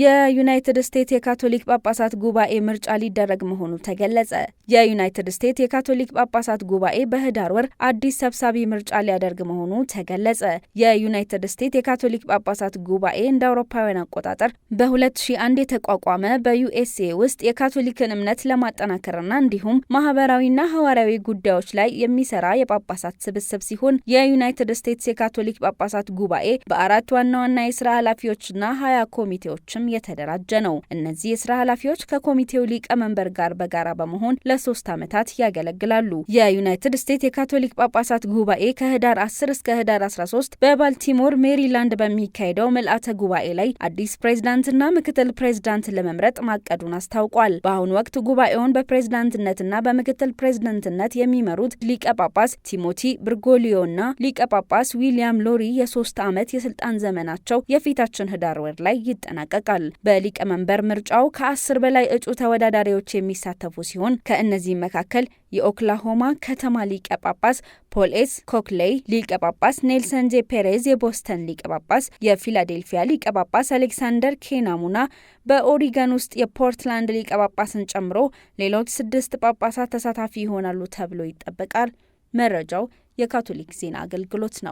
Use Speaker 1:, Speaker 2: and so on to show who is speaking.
Speaker 1: የዩናይትድ ስቴትስ የካቶሊክ ጳጳሳት ጉባኤ ምርጫ ሊደረግ መሆኑ ተገለጸ። የዩናይትድ ስቴትስ የካቶሊክ ጳጳሳት ጉባኤ በህዳር ወር አዲስ ሰብሳቢ ምርጫ ሊያደርግ መሆኑ ተገለጸ። የዩናይትድ ስቴትስ የካቶሊክ ጳጳሳት ጉባኤ እንደ አውሮፓውያን አቆጣጠር በ2001 የተቋቋመ በዩኤስኤ ውስጥ የካቶሊክን እምነት ለማጠናከርና እንዲሁም ማህበራዊና ሐዋርያዊ ጉዳዮች ላይ የሚሰራ የጳጳሳት ስብስብ ሲሆን የዩናይትድ ስቴትስ የካቶሊክ ጳጳሳት ጉባኤ በአራት ዋና ዋና የስራ ኃላፊዎችና ሀያ ኮሚቴዎች በመሆንም የተደራጀ ነው። እነዚህ የስራ ኃላፊዎች ከኮሚቴው ሊቀመንበር ጋር በጋራ በመሆን ለሶስት ዓመታት ያገለግላሉ። የዩናይትድ ስቴትስ የካቶሊክ ጳጳሳት ጉባኤ ከህዳር 10 እስከ ህዳር 13 በባልቲሞር ሜሪላንድ በሚካሄደው ምልአተ ጉባኤ ላይ አዲስ ፕሬዝዳንትና ምክትል ፕሬዝዳንት ለመምረጥ ማቀዱን አስታውቋል። በአሁኑ ወቅት ጉባኤውን በፕሬዝዳንትነትና በምክትል ፕሬዝዳንትነት የሚመሩት ሊቀ ጳጳስ ቲሞቲ ብርጎሊዮና ሊቀ ጳጳስ ዊሊያም ሎሪ የሶስት ዓመት የስልጣን ዘመናቸው የፊታችን ህዳር ወር ላይ ይጠናቀቃል። ይታወቃል። በሊቀመንበር ምርጫው ከአስር በላይ እጩ ተወዳዳሪዎች የሚሳተፉ ሲሆን ከእነዚህም መካከል የኦክላሆማ ከተማ ሊቀ ጳጳስ ፖል ኤስ ኮክሌይ ሊቀ ጳጳስ፣ ኔልሰን ዜ ፔሬዝ የቦስተን ሊቀ ጳጳስ፣ የፊላዴልፊያ ሊቀ ጳጳስ አሌክሳንደር ኬናሙና በኦሪገን ውስጥ የፖርትላንድ ሊቀ ጳጳስን ጨምሮ ሌሎች ስድስት ጳጳሳት ተሳታፊ ይሆናሉ ተብሎ ይጠበቃል። መረጃው የካቶሊክ ዜና አገልግሎት ነው።